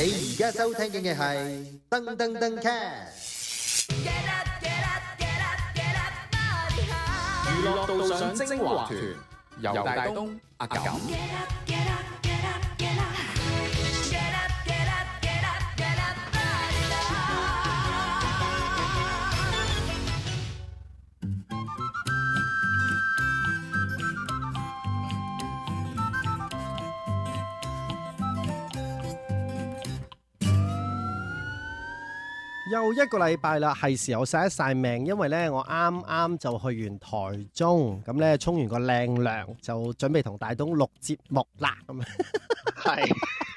你而家收聽緊嘅係《噔噔噔 Cat》，娛樂道上精華團，由大東、阿九。又一個禮拜啦，係時候曬一曬命，因為呢，我啱啱就去完台中，咁呢，沖完個靚涼，就準備同大東錄節目啦，咁。係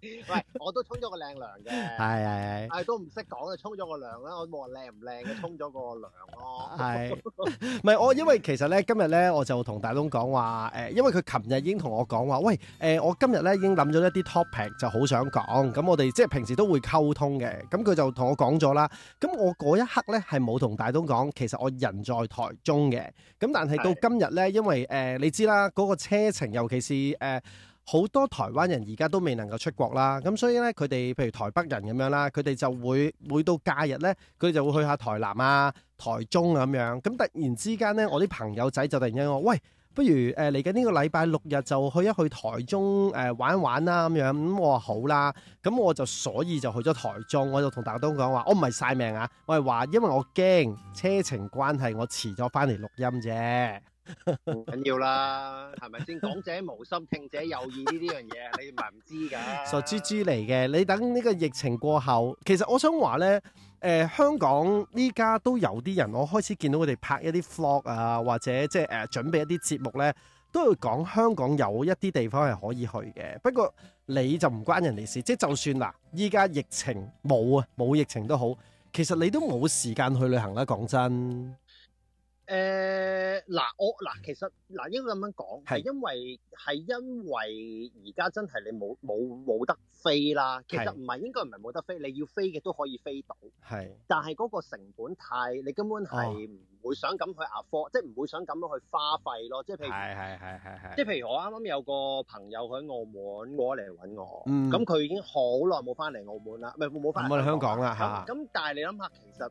喂，我都沖咗個靚涼嘅，係係係，都唔識講啊，沖咗個涼啦，我望靚唔靚？沖咗個涼哦，係，唔係我，因為其實咧，今日咧，我就同大東講話，誒，因為佢琴日已經同我講話，喂，誒，我今日咧已經諗咗一啲 topic，就好想講，咁我哋即係平時都會溝通嘅，咁佢就同我講咗啦，咁我嗰一刻咧係冇同大東講，其實我人在台中嘅，咁但係到今日咧，因為誒，你知啦，嗰個車程，尤其是誒。好多台灣人而家都未能夠出國啦，咁所以咧佢哋譬如台北人咁樣啦，佢哋就會每到假日咧，佢哋就會去下台南啊、台中啊咁樣。咁突然之間咧，我啲朋友仔就突然間話喂，不如誒嚟緊呢個禮拜六日就去一去台中誒、呃、玩一玩啦、啊、咁樣。咁我話好啦，咁我就所以就去咗台中，我就同大家都講話，我唔係晒命啊，我係話因為我驚車程關係，我遲咗翻嚟錄音啫。唔緊 要啦，係咪先講者無心，聽者有意呢？呢樣嘢你咪唔知噶、啊。傻豬豬嚟嘅，你等呢個疫情過後，其實我想話咧，誒、呃，香港依家都有啲人，我開始見到佢哋拍一啲 vlog 啊，或者即係誒準備一啲節目咧，都會講香港有一啲地方係可以去嘅。不過你就唔關人哋事，即係就算嗱，依家疫情冇啊，冇疫情都好，其實你都冇時間去旅行啦。講真。誒嗱我嗱其實嗱應該咁樣講，係因為係因為而家真係你冇冇冇得飛啦。其實唔係應該唔係冇得飛，你要飛嘅都可以飛到。係，但係嗰個成本太，你根本係唔會想咁去 afford，即係唔會想咁樣去花費咯。即係譬如係係係係係，即係譬如我啱啱有個朋友喺澳門過嚟揾我，咁佢已經好耐冇翻嚟澳門啦，唔係冇翻嚟。咁我喺香港啦嚇。咁但係你諗下，其實。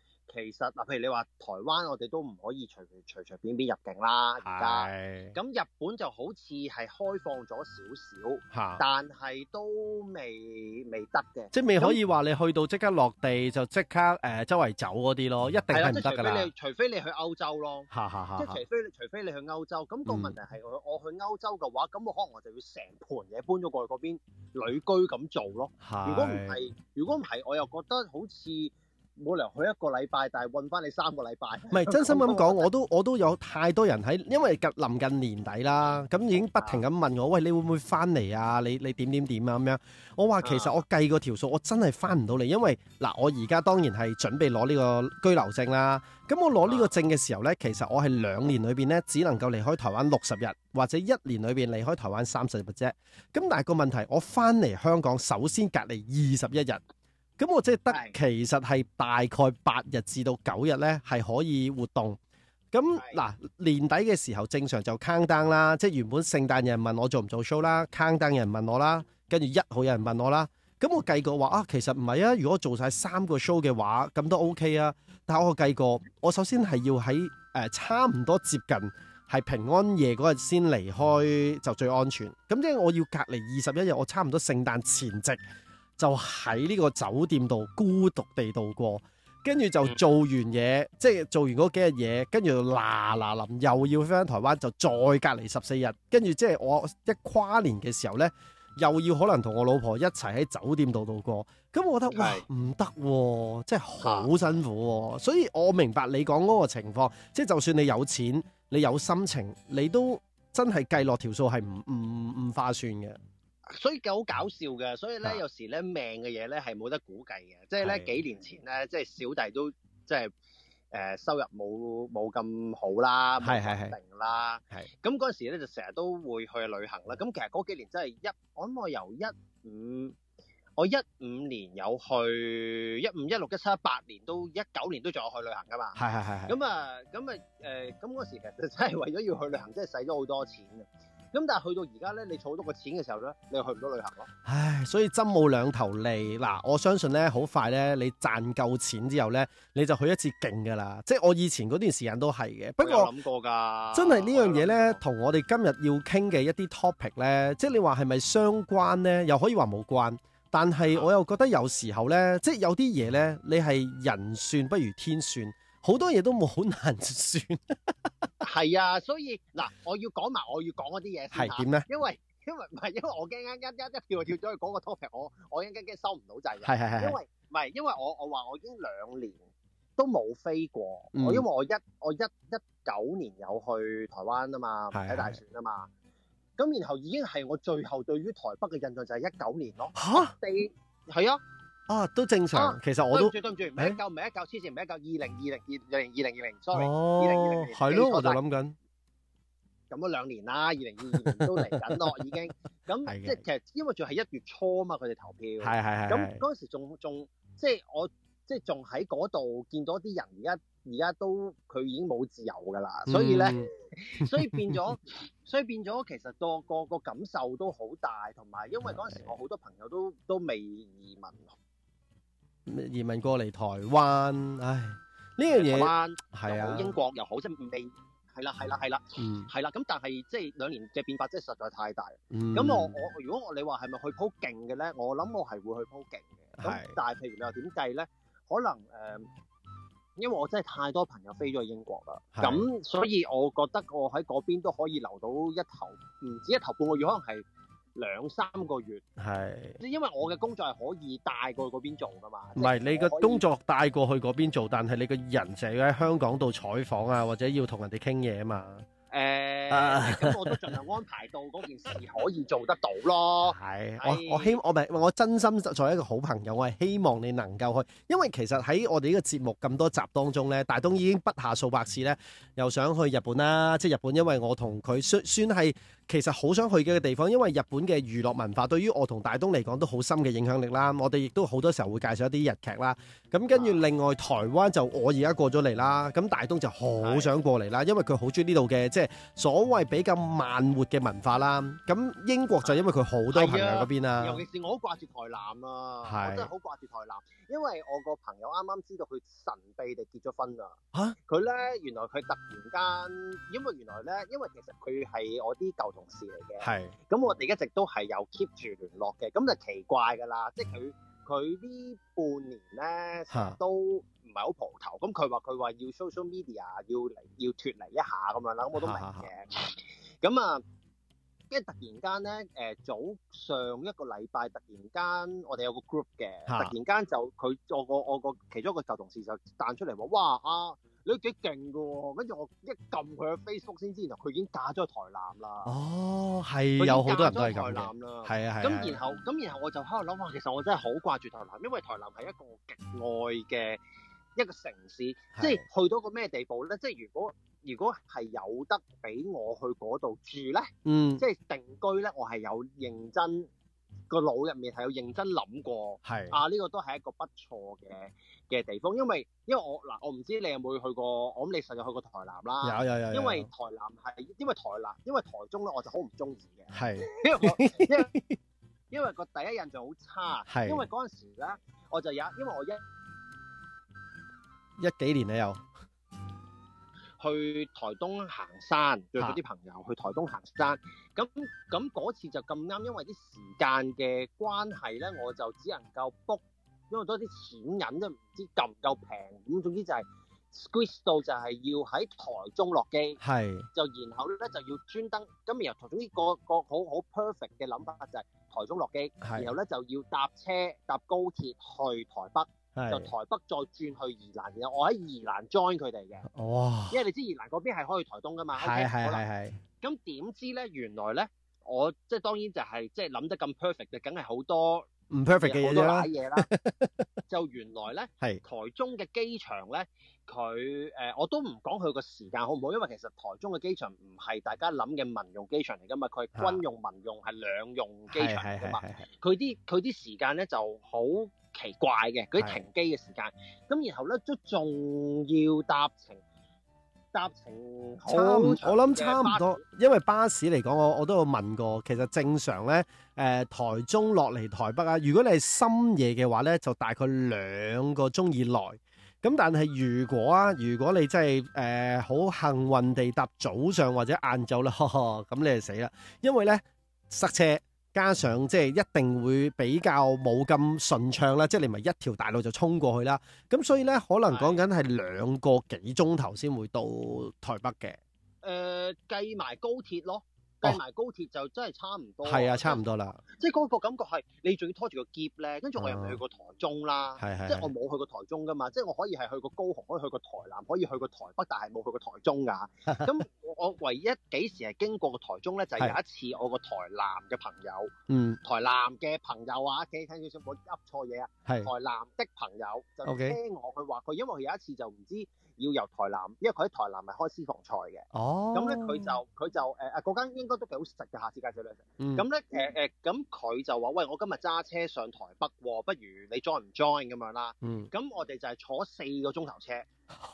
其實嗱，譬如你話台灣，我哋都唔可以隨隨隨便便入境啦。而家咁日本就好似係開放咗少少吓，是但係都未未得嘅，即係未可以話你去到即刻落地就即刻誒、呃、周圍走嗰啲咯，一定係唔得㗎。啊、即除非你除非你去歐洲咯，啊啊啊啊即係除非除非你去歐洲。咁、那個問題係、嗯、我去歐洲嘅話，咁我可能我就要成盤嘢搬咗過去嗰邊旅居咁做咯。是是如果唔係，如果唔係，我又覺得好似。冇理由去一個禮拜，但係揾翻你三個禮拜。唔係，真心咁講，我都我都有太多人喺，因為近臨近年底啦，咁已經不停咁問我，喂，你會唔會翻嚟啊？你你點點點啊？咁樣我話其實我計過條數，我真係翻唔到嚟，因為嗱，我而家當然係準備攞呢個居留證啦。咁我攞呢個證嘅時候呢，其實我係兩年裏邊呢，只能夠離開台灣六十日，或者一年裏邊離開台灣三十日啫。咁但係個問題，我翻嚟香港首先隔離二十一日。咁我即係得，其實係大概八日至到九日咧，係可以活動。咁嗱，年底嘅時候正常就 countdown 啦，即係原本聖誕有人問我做唔做 show 啦 Yeah.，countdown 有人問我啦，跟住一號有人問我啦。咁我計過話啊，其實唔係啊，如果做晒三個 show 嘅話，咁都 OK 啊。但係我計過，我首先係要喺誒、呃、差唔多接近係平安夜嗰日先離開 Yeah. 就最安全。咁即係我要隔離二十一日，我差唔多聖誕前夕，就喺呢個酒店度孤獨地度過，跟住就做完嘢，即係做完嗰幾日嘢，跟住就嗱嗱臨又要返台灣，就再隔離十四日，跟住即係我一跨年嘅時候呢，又要可能同我老婆一齊喺酒店度度過，咁我覺得喂，唔得，即係好辛苦啊，所以我明白你講嗰個情況，即係就算你有錢，你有心情，你都真係計落條數係唔唔唔劃算嘅。所以好搞笑嘅，所以咧有時咧命嘅嘢咧係冇得估計嘅，即係咧幾年前咧，即係小弟都即係誒收入冇冇咁好啦，冇穩定啦，係。咁嗰陣時咧就成日都會去旅行啦。咁其實嗰幾年真係一，我諗我由一五，我一五年有去，一五一六一七一八年都一九年都仲有去旅行㗎嘛。係係係。咁啊，咁啊誒，咁嗰時其實真係為咗要去旅行，真係使咗好多錢㗎。咁但係去到而家咧，你儲到個錢嘅時候咧，你又去唔到旅行咯。唉，所以針冇兩頭利嗱，我相信咧，好快咧，你賺夠錢之後咧，你就去一次勁㗎啦。即係我以前嗰段時間都係嘅，不過我諗過㗎。真係呢樣嘢咧，同我哋今日要傾嘅一啲 topic 咧，即係你話係咪相關咧？又可以話冇關，但係我又覺得有時候咧，即係有啲嘢咧，你係人算不如天算。好多嘢都冇，好難算 ，係啊，所以嗱，我要講埋我要講嗰啲嘢先嚇。點咧？因為因為唔係因為我驚一一一跳跳咗去講個 topic，我我一陣間驚收唔到掣嘅。係係係。因為唔係因為我我話我已經兩年都冇飛過，我、嗯、因為我一我一一九年有去台灣啊嘛，睇大選啊嘛。咁是然後已經係我最後對於台北嘅印象就係一九年咯。嚇！係啊。啊，都正常。其實我都對唔住對唔住，唔係一嚿，唔係一嚿之前，唔係一嚿二零二零二零二零二零。Sorry，二零二零年係咯，我就諗緊咁樣兩年啦。二零二二年都嚟緊咯，已經咁即係其實因為仲係一月初嘛，佢哋投票係係係咁嗰陣時仲仲即係我即係仲喺嗰度見到啲人，而家而家都佢已經冇自由㗎啦，所以咧，所以變咗，所以變咗其實個個個感受都好大，同埋因為嗰陣時我好多朋友都都未移民。移民過嚟台灣，唉，呢樣嘢係啊，英國又好，即係未係啦，係啦，係啦，嗯，係啦，咁但係即係兩年嘅變化，即係實在太大，咁、嗯、我我如果我你話係咪去鋪勁嘅咧，我諗我係會去鋪勁嘅，咁是但係譬如你話點計咧，可能誒、呃，因為我真係太多朋友飛咗去英國啦，咁是所以我覺得我喺嗰邊都可以留到一頭，唔止一頭半個月，可能係。兩三個月係，因為我嘅工作係可以帶過去嗰邊做噶嘛。唔係，你嘅工作帶過去嗰邊做，但係你嘅人就要喺香港度採訪啊，或者要同人哋傾嘢啊嘛。誒，咁我都盡量安排到嗰件事可以做得到咯。係，我我希我唔係，我真心作為一個好朋友，我係希望你能夠去，因為其實喺我哋呢個節目咁多集當中咧，大東已經不下數百次咧，又想去日本啦，即係日本，因為我同佢算算係。其實好想去嘅地方，因為日本嘅娛樂文化對於我同大東嚟講都好深嘅影響力啦。我哋亦都好多時候會介紹一啲日劇啦。咁跟住另外台灣就我而家過咗嚟啦，咁大東就好想過嚟啦，因為佢好中意呢度嘅即係所謂比較慢活嘅文化啦。咁英國就因為佢好多朋友喺嗰邊啦，尤其是我好掛住台南啊，我真係好掛住台南，因為我個朋友啱啱知道佢神秘地結咗婚啊。嚇佢咧，原來佢突然間，因為原來咧，因為其實佢係我啲舊同。同事嚟嘅，係咁是我哋一直都係有 keep 住聯絡嘅，咁就奇怪噶啦，嗯、即係佢佢呢半年咧哈都唔係好蒲頭，咁佢話佢話要 social media 要離要脱離一下咁樣啦，咁我都明嘅，咁啊哈，即係突然間咧，誒、呃、早上一個禮拜突然間我哋有個 group 嘅，哈突然間就佢我個我個其中一個舊同事就彈出嚟話哇啊！你都幾勁㗎喎，跟住我一撳佢嘅 Facebook 先知，原來佢已經嫁咗去台南啦。哦，係有好多人都係咁。嫁咗去台南啦，係啊係啊。咁然後咁然後我就喺度諗話，其實我真係好掛住台南，因為台南係一個極愛嘅一個城市，即係去到個咩地步咧？即係如果如果係有得俾我去嗰度住咧，嗯，即係定居咧，我係有認真。個腦入面係有認真諗過，係是啊，呢、呢個都係一個不錯嘅嘅地方，因為因為我嗱，我唔知你有冇去過，我諗你實在去過台南啦，有有有，有因為台南，因為台南係因為台南因為台中咧我就好唔中意嘅，係是因為 因為，因為個第一印象好差，係是因為嗰陣時咧我就有因為我一一幾年咧有。去台東行山，約咗啲朋友去台東行山。咁咁嗰次就咁啱，因為啲時間嘅關係咧，我就只能夠 book，因為多啲錢銀都唔知夠唔夠平。咁總之就係、是、squeeze 到就係要喺台中落機，是就然後咧就要專登咁由台中呢個個好好 perfect 嘅諗法就係台中落機，是然後咧就要搭車搭高鐵去台北。就台北再轉去宜蘭，其實我喺宜蘭 join 佢哋嘅。哇！因為你知宜蘭嗰邊係可以台東噶嘛係係係。咁點知咧？原來咧，我即係當然就係即係諗得咁 perfect，就梗係好多唔 perfect 嘅嘢啦，好多嘢啦。就原來咧，係台中嘅機場咧，佢誒，我都唔講佢個時間好唔好，因為其實台中嘅機場唔係大家諗嘅民用機場嚟噶嘛，佢係軍用、民用係兩用機場嚟噶嘛，佢啲佢啲時間咧就好。奇怪嘅，嗰啲停機嘅時間，咁的然後咧都仲要搭程搭程差唔，我諗差唔多，因為巴士嚟講，我我都有問過，其實正常咧，誒、呃、台中落嚟台北啊，如果你係深夜嘅話咧，就大概兩個鐘以內，咁但係如果啊，如果你真係誒好幸運地搭早上或者晏晝啦呵呵，咁你就死啦，因為咧塞車。加上即係一定會比較冇咁順暢啦，即係你咪一條大路就衝過去啦。咁所以咧，可能講緊係兩個幾鐘頭先會到台北嘅。誒、呃，計埋高鐵咯。計埋高鐵就真係差唔多，係啊，差唔多啦、嗯。即係嗰個感覺係你仲要拖住個篋咧，跟住我又未去過台中啦，嗯、即係我冇去過台中㗎嘛。是是是，即係我可以係去過高雄，可以去過台南，可以去過台北，但係冇去過台中㗎。咁 嗯、我唯一幾時係經過個台中咧？就係、是、有一次我一個台南嘅朋友，是台南嘅朋友啊，記一、嗯、聽少少，我噏錯嘢啊，是台南的朋友就 call 我去，去話佢因為佢有一次就唔知要由台南，因為佢喺台南係開私房菜嘅，咁咧佢就佢就誒啊嗰都幾好食嘅，下次介紹你食。咁、嗯、咧，誒誒、嗯，咁、嗯、佢就話：喂，我今日揸車上台北喎，不如你 join 唔 join 咁樣啦？咁、嗯、我哋就係坐四個鐘頭車，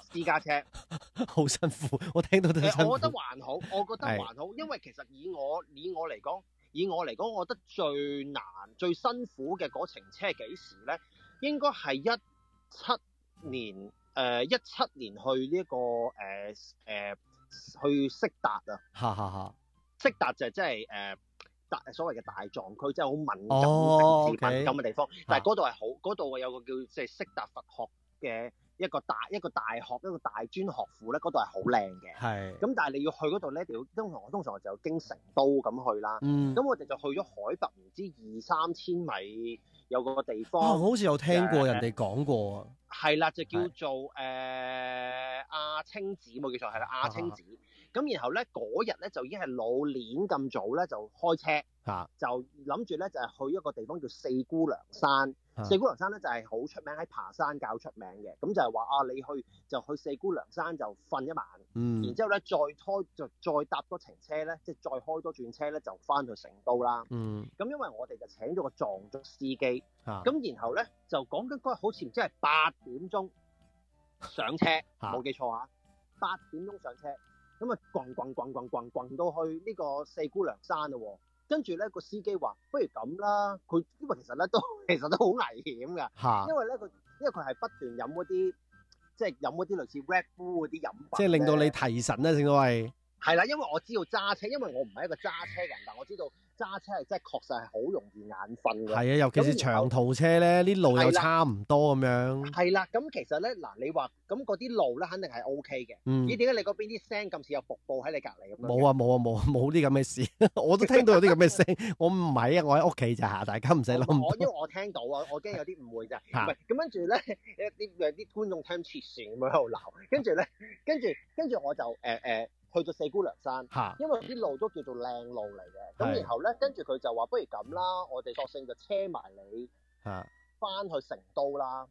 私家車， 好辛苦，我聽到都辛苦、欸。我覺得還好，我覺得還好，對因為其實以我以我嚟講，以我嚟講，我覺得最難、最辛苦嘅嗰程車係幾時咧？應該係一七年，誒一七年去呢、這、一個誒誒、呃呃、去色達啊！哈哈哈。色達就即係誒大所謂嘅大藏區，即係好敏感敏感咁嘅地方。啊、但係嗰度係好，嗰度有個叫即係色達佛學嘅一個大一個大學一個大專學府咧，嗰度係好靚嘅。係是。咁、嗯、但係你要去嗰度咧，一定要通常我通常就經成都咁去啦。嗯。咁我哋就去咗海拔唔知二三千米有個地方。啊，好似有聽過、呃、人哋講過是啊。係啦，就叫做誒亞青寺，冇記錯係啦，亞青寺。啊咁然後咧，嗰日咧就已經係老年咁早咧，就開車，啊、就諗住咧就係去一個地方叫四姑娘山。啊、四姑娘山咧就係好出名，喺爬山較出名嘅。咁就係話啊，你去就去四姑娘山就瞓一晚，嗯、然之後咧再拖就再搭多程車咧，即係再，再開多轉車咧就翻去成都啦。咁、嗯啊、因為我哋就請咗個藏族司機，咁、啊、然後咧就講緊嗰日好似唔知係八點鐘上車，冇記錯啊， 八點鐘上車。咁啊，轟轟轟轟轟轟到去呢個四姑娘山啦喎，跟住呢個司機話：不如咁啦，佢因為其實呢都其實都好危險㗎吓，因為呢佢因為佢係不斷飲嗰啲即係飲嗰啲類似 Red Bull 嗰啲飲品，即係令到你提神啊，正所謂。係啦，因為我知道揸車，因為我唔係一個揸車人，但我知道。揸車係真係確實係好容易眼瞓嘅，係啊，尤其是長途車咧，啲路又差唔多咁樣。係啦，咁其實咧嗱，你話咁嗰啲路咧，肯定係 OK 嘅。嗯，咦？點解你嗰邊啲聲咁似有瀑布喺你隔離咁？冇啊冇啊冇啊，冇啲咁嘅事，我都聽到有啲咁嘅聲，我唔係啊，我喺屋企咋，大家唔使諗。我因為我聽到啊，我驚有啲誤會咋。嚇！咁跟住咧，一啲嘅啲觀眾聽唔切船咁喺度鬧，跟住咧，跟住跟住我就誒誒。去咗四姑娘山，因為啲路都叫做靚路嚟嘅，咁的然後咧，跟住佢就話：不如咁啦，我哋索性就車埋你，翻的去成都啦。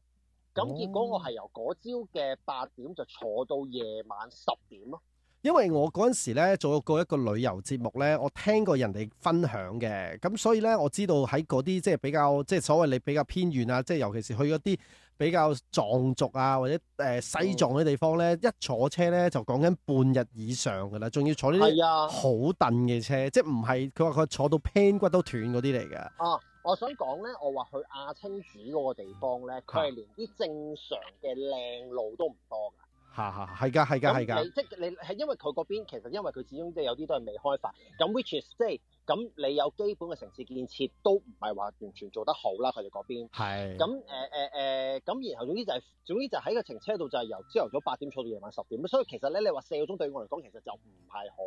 咁結果我係由嗰朝嘅八點就坐到夜晚十點咯。因為我嗰陣時咧做過一個旅遊節目咧，我聽過人哋分享嘅，咁所以咧我知道喺嗰啲即係比較即係所謂你比較偏遠啊，即係尤其是去嗰啲。比較藏族啊，或者誒、呃、西藏嗰啲地方咧，嗯、一坐車咧就講緊半日以上㗎啦，仲要坐呢啲好顛嘅車，是啊、即係唔係佢話佢坐到盆骨都斷嗰啲嚟嘅。哦、啊，我想講咧，我話去亞青寺嗰個地方咧，佢係連啲正常嘅靚路都唔多㗎。下下係㗎係㗎係㗎，即係你係、即係、因為佢嗰邊其實因為佢始終即係有啲都係未開發，咁 which is 即係咁你有基本嘅城市建設都唔係話完全做得好啦，佢哋嗰邊係咁誒誒誒，咁的、呃呃呃、然後總之就係、係、總之就喺個停車度，就係由朝頭早八點坐到夜晚十點，所以其實咧你話四個鐘對我嚟講其實就唔係好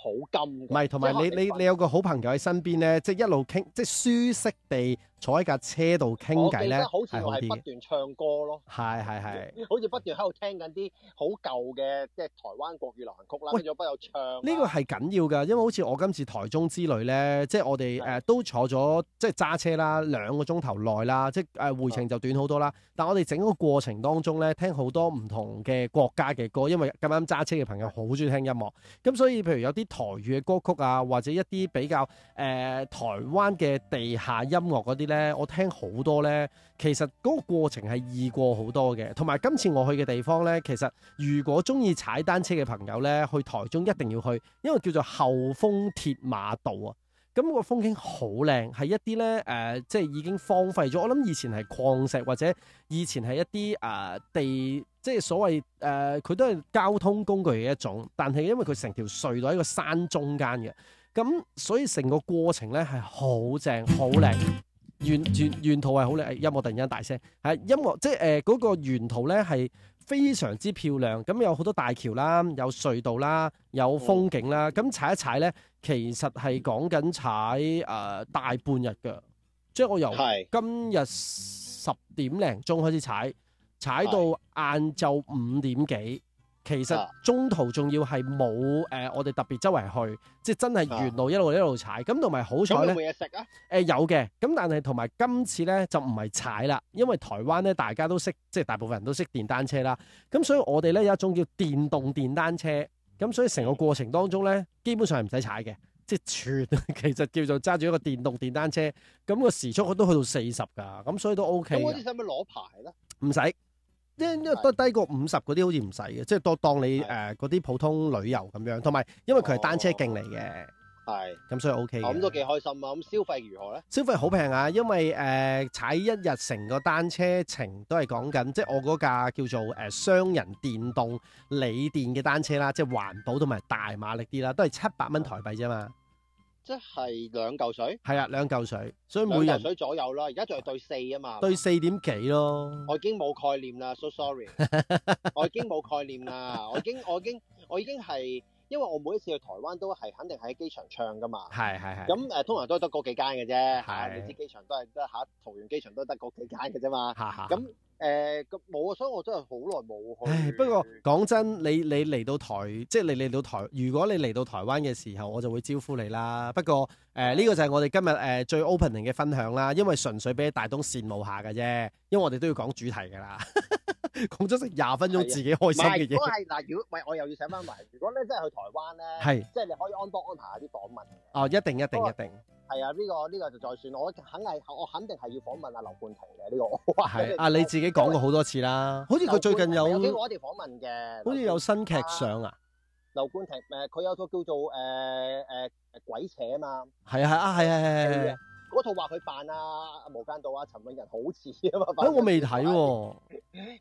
好金，唔係同埋你你你，你有個好朋友喺身邊咧，即、就、係、係、一路傾即係舒適地。坐喺架車度傾偈咧，係唔係啲？我記得好似係不斷唱歌咯，係係係，好似不斷喺度聽緊啲好舊嘅，即係台灣國語流行曲啦，跟住又不斷唱。呢個係緊要㗎，因為好似我今次台中之旅咧，即係我哋誒都坐咗即係揸車啦，兩個鐘頭內啦，即係誒回程就短好多啦。但係我哋整個過程當中咧，聽好多唔同嘅國家嘅歌，因為咁啱揸車嘅朋友好中意聽音樂，咁所以譬如有啲台語嘅歌曲啊，或者一啲比較誒台灣嘅地下音樂嗰啲。咧，我聽好多咧，其實嗰個過程係易過好多嘅。同埋，今次我去嘅地方咧，其實如果中意踩單車嘅朋友咧，去台中一定要去，因為叫做后豐鐵馬道啊。咁、那個風景好靚，係一啲咧，誒、呃，即係已經荒廢咗。我諗以前係礦石或者以前係一啲誒、呃、地，即係所謂誒，佢、呃、都係交通工具嘅一種。但係因為佢成條隧道喺個山中間嘅，咁所以成個過程咧係好正，好靚。.沿沿，沿途係好靚，音樂突然間大聲，係音樂即係誒嗰個沿途咧係非常之漂亮，咁有好多大橋啦，有隧道啦，有風景啦，咁、嗯、踩一踩咧，其實係講緊踩誒、呃、大半日嘅，即係我由今日十點零鐘開始踩，踩到晏晝五點幾。嗯其實中途仲要係冇誒，我哋特別周圍去，即係真係沿路一路一路踩，咁同埋好彩咧冇嘢食啊。誒有嘅、啊，咁、呃、但係同埋今次咧就唔係踩啦，因為台灣咧大家都識，即係大部分人都識電單車啦。咁所以我哋咧有一種叫電動電單車，咁所以成個過程當中咧基本上係唔使踩嘅，即係全 其實叫做揸住一個電動電單車，咁、個時速都去到四十噶，咁所以都 O K 嘅。咁嗰啲使唔使攞牌咧？唔使。即因為都低過五十嗰啲好似唔使嘅，即係都當你誒嗰啲普通旅遊咁樣，同埋因為佢係單車徑嚟嘅，係咁的所以 OK 嘅。咁都幾開心啊！咁消費如何咧？消費好平啊，因為誒踩、呃、一日成個單車程都係講緊，即係我嗰架叫做誒雙人電動鋰電嘅單車啦，即係環保同埋大馬力啲啦，都係七百蚊台幣啫嘛。即係兩嚿水，係啊，兩嚿水，所以每日水左右啦。而家仲係對四啊嘛，對四點幾咯。我已經冇概念啦，so sorry，我已經冇概念啦。我已經，我已經，我已經係因為我每一次去台灣都係肯定喺機場唱噶嘛。係係係。咁誒，通常都係得嗰幾間嘅啫。係，你知機場都係，都係得嚇桃園機場都得嗰幾間嘅啫嘛。咁。誒，咁冇啊，所以我真係好耐冇去。不過講真，你你嚟到台，即係你嚟到台，如果你嚟到台灣嘅時候，我就會招呼你啦。不過誒，呢個就係我哋今日誒最 opening 嘅分享啦，因為純粹俾大東羨慕下㗎啫。因為我哋都要講主題噶啦，講咗成廿分鐘自己開心嘅嘢。唔係嗱，如果唔係我又要醒翻埋，如果咧真係去台灣咧，係即係你可以安安排啲訪問。哦，一定一定一定。係啊，呢、這個呢、這個就再算。我肯係，我肯定係要訪問阿劉冠廷嘅呢、這個。哇， 啊，你自己講過好多次啦。為好似佢最近有有幾個我哋訪問嘅，好似有新劇上啊。劉冠廷誒、啊，佢、呃、有套叫做誒誒、呃呃、《鬼扯》啊嘛。係啊係啊係啊係啊，嗰套話佢扮阿、啊、無間道啊，陳永仁好似啊嘛、欸。我未睇喎、啊。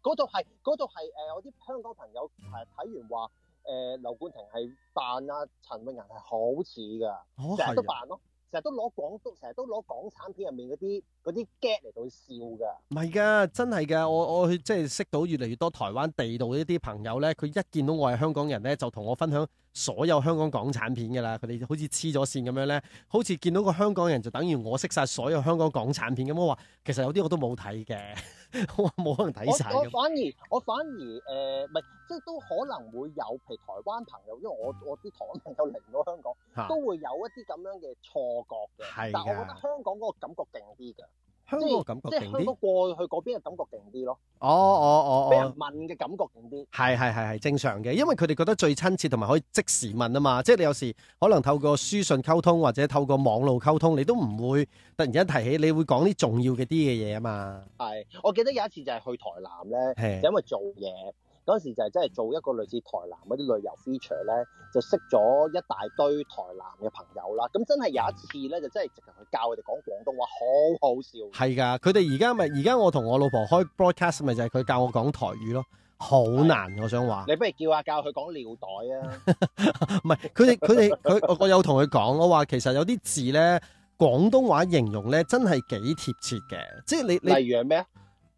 嗰套係嗰套係誒，啲香港朋友睇完話誒、呃，劉冠廷係扮、啊、扮啊，陳永仁係好似㗎，成日都扮咯。成日都攞港督，成日都攞港產片入面嗰啲嗰啲 get 嚟到笑㗎，唔係㗎，真係㗎，我我去即係識到越嚟越多台灣地道嘅一啲朋友咧，佢一見到我係香港人咧，就同我分享所有香港港產片㗎啦，佢哋好似黐咗線咁樣咧，好似見到個香港人就等於我識晒所有香港港產片咁，我話其實有啲我都冇睇嘅。 我冇 可能睇曬我，我反而我反而誒，唔、呃、係即係都可能會有，譬如台灣朋友，因為我我啲台灣朋友嚟到香港，都會有一啲咁樣嘅錯覺嘅。係，但係我覺得香港嗰個感覺勁啲嘅。香港感覺勁啲，即過去嗰邊嘅感覺勁啲咯。哦哦哦，俾人問嘅感覺勁啲，係係係係，正常嘅，因為佢哋覺得最親切同埋可以即時問啊嘛。即係你有時可能透過書信溝通或者透過網路溝通，你都唔會突然間提起，你會講啲重要嘅啲嘅嘢啊嘛。係，我記得有一次就係去台南咧，係，就因為做嘢。嗰陣時就係真係做一個類似台南嗰啲旅遊 feature 咧，就識咗一大堆台南嘅朋友啦。咁真係有一次咧，就真係直頭去教佢哋講廣東話，好好笑。係㗎，佢哋而家咪而家我同我老婆開 broadcast 咪就係佢教我講台語咯，好難，的我想話。你不如叫下教佢講尿袋啊？唔係， 佢哋佢哋佢我我有同佢講， 我話其實有啲字咧，廣東話形容咧真係幾貼切嘅，即係你，你例如咩啊？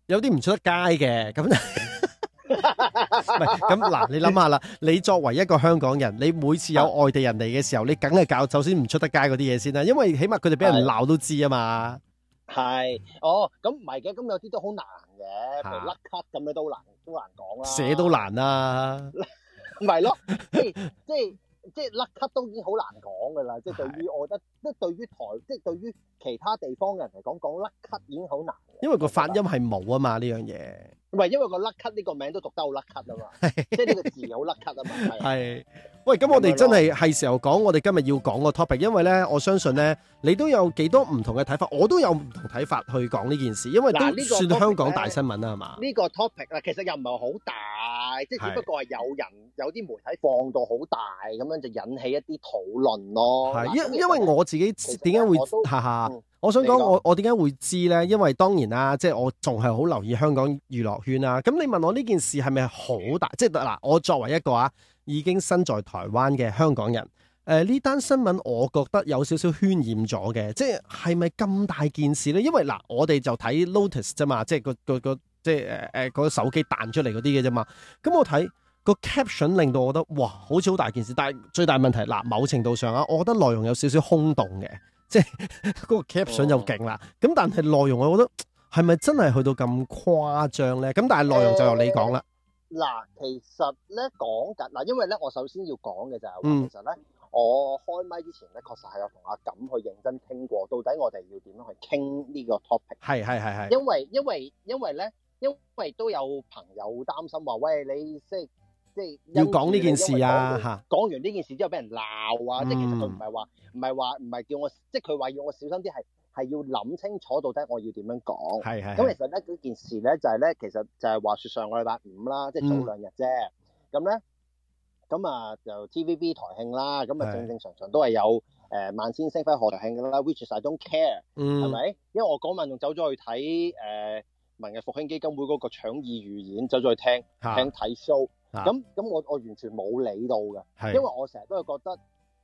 有啲唔出得街嘅咁。 唔係，咁嗱，你諗下啦。你作為一個香港人，你每次有外地人嚟嘅時候，你梗係搞首先唔出得街嗰啲嘢先啦。因為起碼佢哋俾人鬧都知啊嘛。係，哦，咁唔係嘅，咁有啲都好難嘅，譬如甩咳咁樣都難，都難講啦。寫都難啦，唔係咯，即係即係即係甩咳，都已經好難講噶啦。即係對於我覺得，即係對於台，即係對於其他地方嘅人嚟講，講甩咳已經好難。因為個發音係冇啊嘛，呢樣嘢。唔係，因為、個甩咳呢、個名都讀得好甩咳啊嘛，即係呢個字好甩咳啊嘛。係， 喂，咁我哋真係係時候講我哋今日要講個 topic，因為咧，我相信咧，你都有幾多唔同嘅睇法，我都有唔同睇法去講呢件事，因為都算香港大新聞啦，係嘛，啊？呢、個 topic 嗱，這個 topic 其實又唔係好大，即係是只不過係有人有啲媒體放到好大咁樣，就引起一啲討論咯。係，因因為我自己點解會吓吓？我想講我我點解會知咧？因為當然啦、啊，即係我仲係好留意香港娛樂圈啦、啊。咁你問我呢件事係咪好大？即係嗱，我作為一個啊，已經身在台灣嘅香港人，誒、呃，呢單新聞我覺得有少少渲染咗嘅，即係係咪咁大件事咧？因為嗱，我哋就睇 notice 啫嘛，即係個個個即係誒誒個手機彈出嚟嗰啲嘅啫嘛。咁我睇、那個 caption 令到我覺得哇，好似好大件事。但係最大問題嗱，某程度上啊，我覺得內容有少少空洞嘅。即係嗰個 caption 就勁啦，咁但係內容我覺得係咪真係去到咁誇張咧？咁但係內容就由你講啦。嗱，其實咧講緊嗱，因為咧我首先要講嘅就係，其實咧我開麥之前咧確實係有同阿錦去認真傾過，到底我哋要點樣去傾呢個 topic。係係係係。因為因為因為咧，因為都有朋友擔心話，喂你即係。即係要講呢件事啊！嚇，講完呢件事之後，俾人鬧啊！嗯、即係其實佢唔係話唔係話唔係叫我，即係佢話要我小心啲，係係要諗清楚到底我要點樣講。係係咁，嗯、其實咧件事咧就係、是、咧，其實就係話説上個禮拜五啦，即係早兩日啫。咁咧咁啊，就 TVB 台慶啦。咁啊、嗯，正正常常都係有誒、呃、萬千星輝賀台慶噶啦，Which I don't care，係咪、嗯？因為我嗰晚仲走咗去睇誒文藝復興基金會嗰個搶二預演，走咗去聽聽睇 show。咁咁、啊、我我完全冇理到嘅，係因為我成日都係覺得，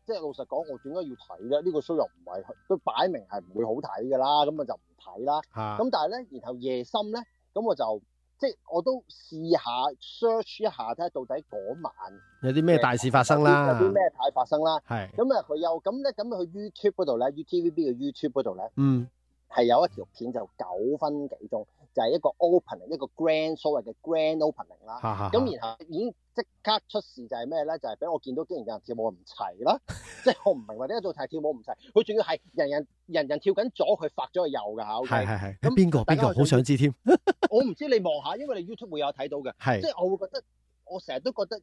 即係老實講，我點解要睇咧？呢、呢個 show 又唔係佢擺明係唔會好睇噶啦，咁我就唔睇啦。咁、啊、但係咧，然後夜深咧，咁我就即係我都試下 search 一下，睇下看看到底嗰晚有啲咩大事發生啦、啊，有啲咩太發生啦。係咁啊，佢又咁咧，咁啊佢 YouTube 嗰度咧，U TVB 嘅 YouTube 嗰度咧，的嗯，係有一條片就九分幾鐘。就係一個 opening，一個 grand 所謂嘅 grand opening 啦。咁然後已經即刻出事就，就係咩咧？就係俾我見到竟然有人跳舞唔齊啦！ 即係我唔明白點解做台跳舞唔齊，佢仲要係人人人人跳緊左，佢發咗個右㗎。係係咁邊個邊個好想，想知添？我唔知 你望下，因為你 YouTube 會有睇到嘅。係是。即係我會覺得，我成日都覺得誒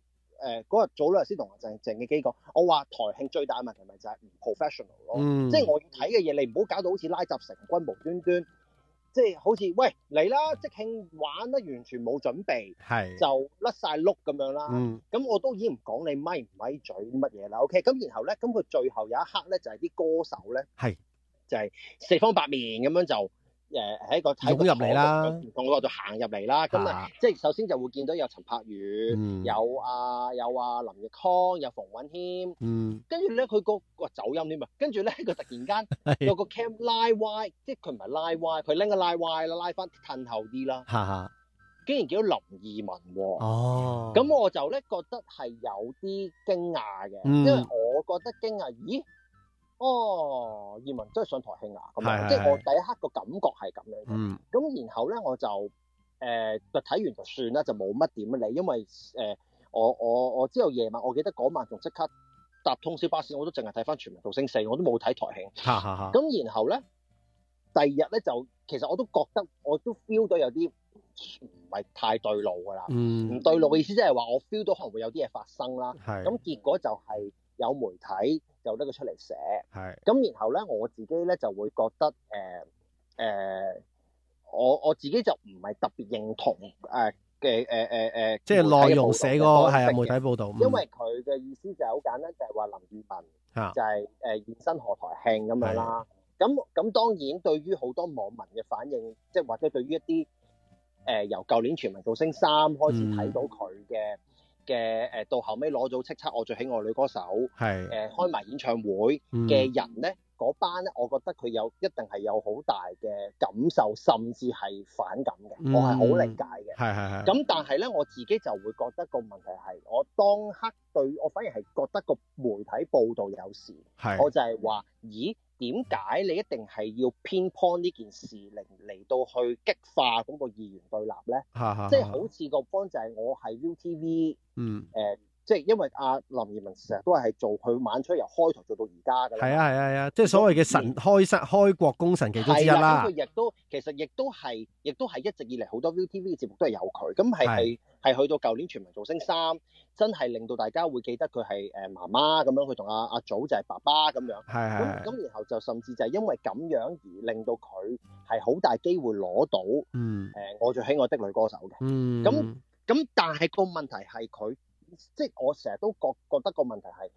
嗰日早兩日先同鄭鄭嘅幾講，我話台慶最大嘅問題咪就係唔 professional 咯。 即係我要睇嘅嘢，你唔好搞到好似拉雜成軍無端端，端。即係好似喂嚟啦，即興玩得完全冇準備，係是就甩晒碌咁樣啦。咁、嗯、我都已經唔講你咪唔咪,咪,咪嘴乜嘢啦。OK，咁然後咧，咁佢最後有一刻咧，就係、是、啲歌手咧，係是就係四方八面咁樣就。誒喺、呃、個睇入嚟啦，我嗰行入嚟啦，咁啊，即係、嗯、首先就會見到有陳柏宇，嗯、有啊有啊林奕匡，有馮允謙，嗯，跟住咧佢個個走音添啊，跟住咧佢突然間有個 cam 拉歪即係佢唔係拉歪佢拎個拉歪啦， 拉翻褪後啲啦，哈哈、啊，啊、竟然叫到林二汶喎！哦，咁、哦、我就咧覺得係有啲驚訝嘅。因為我覺得驚訝，咦？哦，二汶、oh, 真係上台慶啊！咁樣，是是是即係我第一刻個感覺係咁樣。嗯。咁然後咧，我就誒就睇完就算啦，就冇乜點理，因為誒、呃、我我我知道夜晚，我記得嗰晚仲即刻搭通宵巴士，我都淨係睇返《全民造星四》，我都冇睇台慶。咁然後咧，第二日咧就其實我都覺得我都 feel 到有啲唔係太對路㗎喇。嗯。唔對路嘅意思即係話，我 feel 到可能會有啲嘢發生啦。咁、嗯、結果就係、是。有媒體就得佢出嚟寫，係咁，然後咧我自己咧就會覺得誒誒，我我自己就唔係特別認同誒嘅誒誒誒，即係內容寫個係啊媒體報導，因為佢嘅意思就係好簡單，就係話林二汶就係誒現身賀台慶咁樣啦。咁咁當然對於好多網民嘅反應，即係或者對於一啲誒由舊年全民造星三開始睇到佢嘅。嘅誒到後尾攞到叱咤我最喜愛女歌手，係誒是、呃、開埋演唱會嘅人咧，嗰、嗯、班咧，我覺得佢有一定係有好大嘅感受，甚至係反感嘅，我係好理解嘅。係係係。咁、嗯、但係咧，我自己就會覺得個問題係，我當刻對我反而係覺得個媒體報導有事，係是我就係話，咦？點解你一定係要偏幫呢件事嚟嚟到去激化咁個二元對立咧？即係是好似個方就係我喺 U T V，TV，嗯、呃，誒，即係因為阿、啊、林二汶成日都係做佢晚出由開台做到而家㗎。係啊係啊係啊，即係所謂嘅神開室開國功臣其中之一啦。咁佢亦都其實亦都係亦都係一直以嚟好多 U T V 嘅節目都係有佢咁係係。係去到舊年全民造星三，真係令到大家會記得佢係誒媽媽咁樣，佢同阿阿祖就係爸爸咁樣。係係。咁咁，然後就甚至就係因為咁樣而令到佢係好大機會攞到誒我最喜愛的女歌手嘅。嗯。咁咁，但係個問題係佢，即係我成日都覺覺得個問題係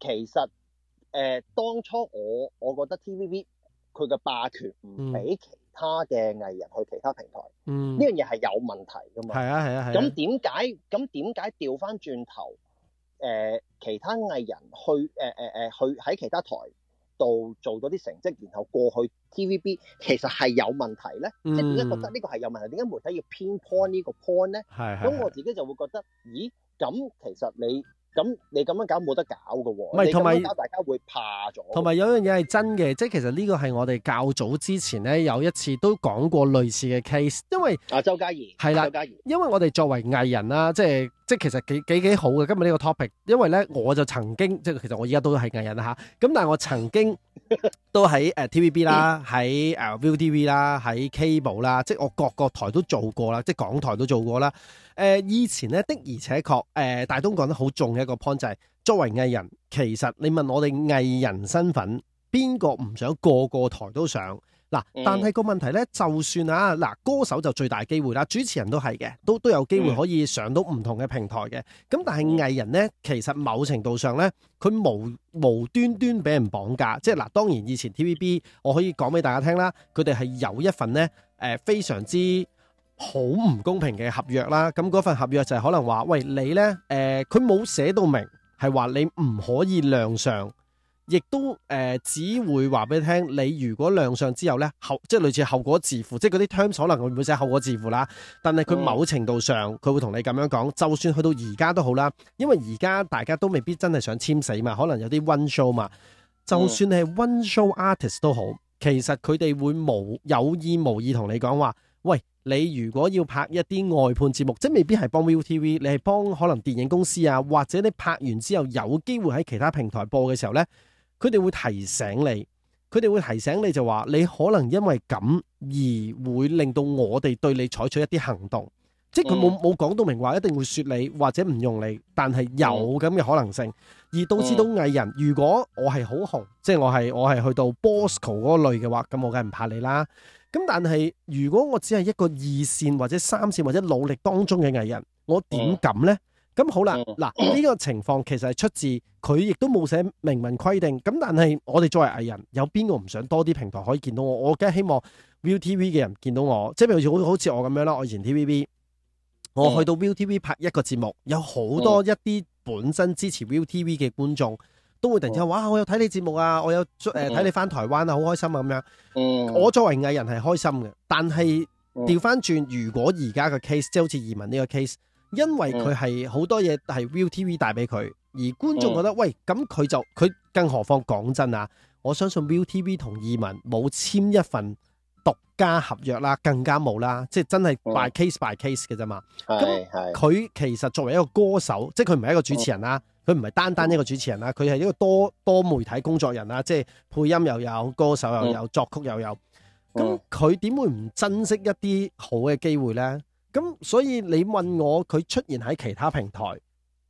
其實誒當初我我覺得 TVB 佢嘅霸權唔俾其。其他嘅藝人去其他平台，呢樣嘢係有問題㗎嘛？係啊係啊係。咁點解咁點解掉返轉頭？誒、呃，其他藝人去誒誒誒，去喺其他台度做到啲成績，然後過去 TVB，其實係有問題咧。即係點解覺得呢個係有問題？點解媒體要偏 point 呢個 point 咧？係係。咁我自己就會覺得，咦？咁其實你。咁你咁樣搞冇得搞嘅喎、啊，唔係同埋大家會怕咗。同埋有樣嘢係真嘅，即係其實呢個係我哋較早之前咧有一次都講過類似嘅 case，因為啊周嘉怡係啦，周嘉怡、就是就是，因為我哋作為藝人啦，即係即係其實幾幾幾好嘅。今日呢個 topic，因為咧我就曾經即係、就是、其實我依家都係藝人啦嚇，咁但係我曾經都喺誒 TVB 啦，喺 誒 ViuTV 啦，喺 cable 啦，即 係我各個台都做過啦，即、就、係、是、港台都做過啦。誒，以前咧的而且確，誒、呃、大東講得好重嘅一個 point 就係，作為藝人，其實你問我哋藝人身份邊個唔想個個台都上？嗱，但係個問題咧，就算啊，嗱，歌手就最大機會啦，主持人都係嘅，都都有機會可以上到唔同嘅平台嘅。咁但係藝人咧，其實某程度上咧，佢無無端端俾人綁架。即係嗱，當然以前 TVB，我可以講俾大家聽啦，佢哋係有一份咧，誒、呃、非常之。好唔公平嘅合約啦，咁嗰份合約就係可能話，喂你呢？誒佢冇寫到明，係話你唔可以亮相，亦都誒、呃、只會話俾你聽，你如果亮相之後呢，後，即係類似後果自負，即係嗰啲 terms 可能會寫後果自負啦。但係佢某程度上佢、嗯、會同你咁樣講，就算去到而家都好啦，因為而家大家都未必真係想簽死嘛，可能有啲 one show 嘛，就算你係 one show artist 都好，其實佢哋會無有意無意同你講話，喂。你如果要拍一啲外判節目，即未必係幫 ViuTV，你係幫可能電影公司啊，或者你拍完之後有機會喺其他平台播嘅時候呢，佢哋會提醒你，佢哋會提醒你就話，你可能因為咁而會令到我哋對你採取一啲行動。即係佢冇冇講到明話，一定會說你或者唔用你，但係有咁嘅可能性。而導致到藝人，如果我係好紅，即係我係我係去到 Bosco 嗰類嘅話，咁我梗係唔怕你啦。咁但係如果我只係一個二綫或者三綫或者努力當中嘅藝人，我點敢咧？咁好啦，嗱、這、呢個情況其實係出自佢亦都冇寫明文規定。咁但係我哋作為藝人，有邊個唔想多啲平台可以見到我？我梗係希望 ViuTV 嘅人見到我，即係譬如好好似我咁樣啦，我以前 TVB。我去到 ViuTV 拍一個節目，有好多一啲本身支持 ViuTV 嘅觀眾都會突然之間，哇！我有睇你節目啊，我有誒睇、呃、你返台灣啊，好開心啊咁樣。我作為藝人係開心嘅，但係調返轉，如果而家嘅 case 即係好似二汶呢個 case，因為佢係好多嘢係 ViuTV 帶俾佢，而觀眾覺得喂，咁佢就佢，更何況講真啊，我相信 ViuTV 同二汶冇簽一份。獨家合約啦，更加冇啦，即係真係 by case by case 嘅啫嘛。咁佢、嗯、其實作為一個歌手，即係佢唔係一個主持人啦，佢唔係單單一個主持人啦，佢係、嗯、一個多多媒體工作人啦，即係配音又有，歌手又有，嗯、作曲又有。咁佢點會唔珍惜一啲好嘅機會呢？咁所以你問我佢出現喺其他平台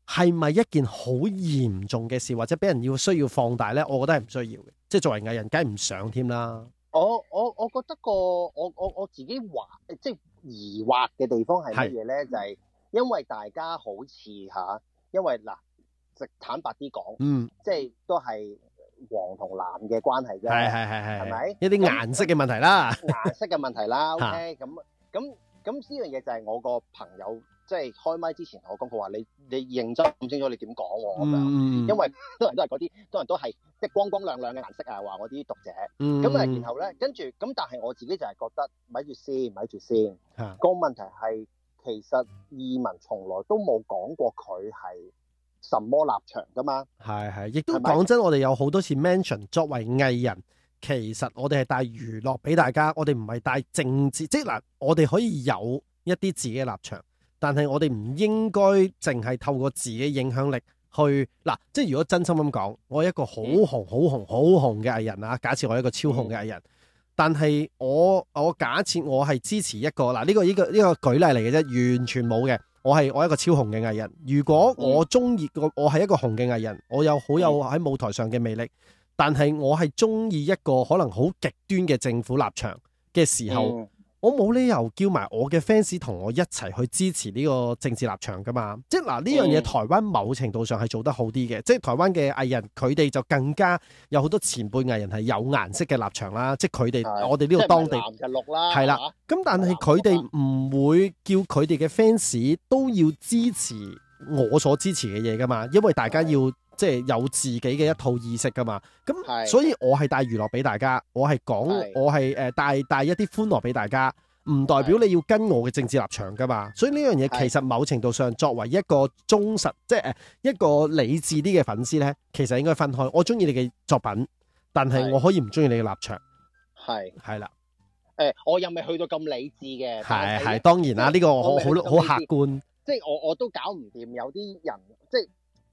係咪一件好嚴重嘅事，或者俾人要需要放大呢？我覺得係唔需要嘅，即係作為藝人，梗係唔想添啦。我我我覺得個我我我自己話即係疑惑嘅地方係乜嘢咧？就係因為大家好似嚇，因為嗱，直坦白啲講，嗯，即係都係黃同藍嘅關係啫，係係係係，係咪一啲顏色嘅問題啦？顏色嘅問題啦，OK，咁咁咁呢樣嘢就係我個朋友。即係開麥之前我，我講過話你你認真唔清楚，你點講喎咁樣？嗯、因為多人都係嗰啲多人都係即係光光亮亮嘅顏色啊。話我啲讀者咁啊，嗯、然後咧跟住咁，但係我自己就係覺得咪住先，咪住先。的個問題係其實二汶從來都冇講過佢係什麼立場㗎嘛。係係，亦都講吧真，我哋有好多次 mention 作為藝人，其實我哋係帶娛樂俾大家，我哋唔係帶政治。即係嗱，我哋可以有一啲自己嘅立場。但係我哋唔應該淨係透過自己影響力去嗱、啊，即係如果真心咁講，我係一個好紅好、嗯、紅好紅嘅藝人啊，假設我係一個超紅嘅藝人，但係我我假設我係支持一個嗱呢、啊呢個呢個呢個舉例嚟嘅啫，完全冇嘅，我係我係一個超紅嘅藝人。如果我中意個我係一個紅嘅藝人，我有好有喺舞台上嘅魅力，但係我係中意一個可能好極端嘅政府立場嘅時候。嗯嗯我冇理由叫埋我嘅 fans 同我一齊去支持呢個政治立場噶嘛？即係嗱呢樣嘢，台灣某程度上係做得好啲嘅，即係台灣嘅藝人，佢哋就更加有好多前輩藝人係有顏色嘅立場啦。即係佢哋，的我哋呢個當地係啦。咁的的但係佢哋唔會叫佢哋嘅 fans 都要支持我所支持嘅嘢噶嘛？因為大家要。即係有自己嘅一套意識噶嘛，咁所以我係帶娛樂俾大家，我係講，的我係誒帶帶一啲歡樂俾大家，唔代表你要跟我嘅政治立場噶嘛。的所以呢樣嘢其實某程度上，作為一個忠實，即係誒一個理智啲嘅粉絲咧，其實應該分開。我中意你嘅作品，但係我可以唔中意你嘅立場。係係啦，誒的、欸，我又未去到咁理智嘅。係係的，當然啦，呢我個我好好客觀。即係我我都搞唔掂，有啲人即係。即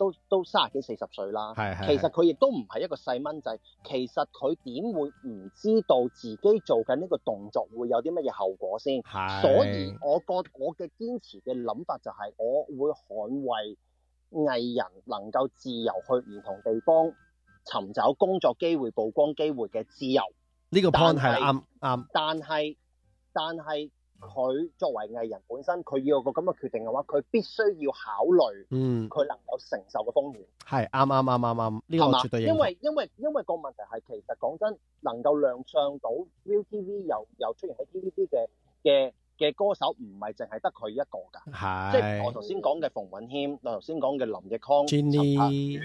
都都三十幾四十歲啦係，其實佢亦都唔係一個細蚊仔，其實佢點會唔知道自己做緊呢個動作會有啲乜嘢後果先？係係，所以我覺我嘅堅持嘅諗法就係，我會捍衛藝人能夠自由去唔同地方尋找工作機會、曝光機會嘅自由。呢個 point 係啱啱，但係但係。佢作為藝人本身，佢要有個咁嘅決定嘅話，佢必須要考慮，嗯，佢能夠承受嘅風險係啱啱啱啱啱。呢個絕對應，因為因為因為個問題係，其實講真，能夠亮相到 Viu TV 又又出現喺 TVB 嘅嘅。嘅歌手唔係淨係得佢一個㗎，即係我頭先講嘅馮允謙，我頭先講嘅林奕匡、陳柏宇、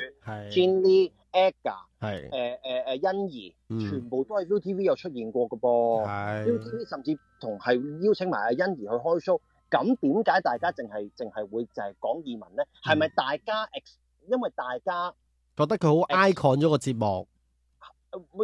Jenny、Aga，係誒誒誒欣宜，全部都喺 ViuTV 有出現過嘅噃，ViuTV 甚至同係邀請埋阿欣宜去開 show。咁點解大家淨係淨係會就係講移民咧？係咪大家 X？因為大家覺得佢好 icon 咗個節目，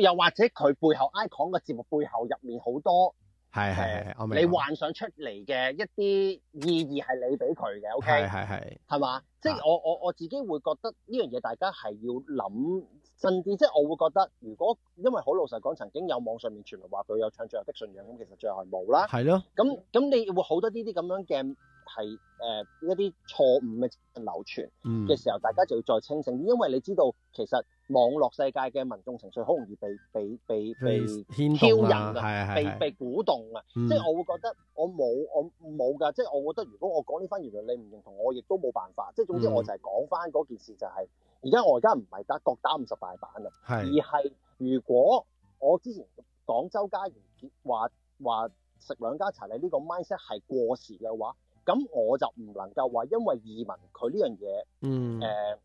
又或者佢背後 icon 嘅節目背後入面好多。係係係你幻想出嚟嘅一啲意義係你俾佢嘅，OK？係係係，係嘛？吧是即係我我我自己會覺得呢樣嘢大家係要諗，甚至即係我會覺得，如果因為好老實講，曾經有網上面傳聞話佢有唱最後的信仰，咁其實最後係冇啦。係咯的，咁咁你會好多呢啲咁樣嘅。係誒、呃、一啲錯誤嘅流傳嘅時候，嗯、大家就要再清醒，因為你知道其實網絡世界嘅民眾情緒好容易被被被被牽動啊，係被是是是被，被鼓動啊，嗯、即係我會覺得我冇我冇㗎，即係我覺得如果我講呢番，原來你唔認同，我亦都冇辦法。即係總之我就係講翻嗰件事就係、是是是，而家我而家唔係打各打五十大板啦，而係如果我之前講周家賢話話食兩家茶，你呢個 mindset 係過時嘅話。咁我就唔能夠話，因為二汶佢呢樣嘢，嗯，誒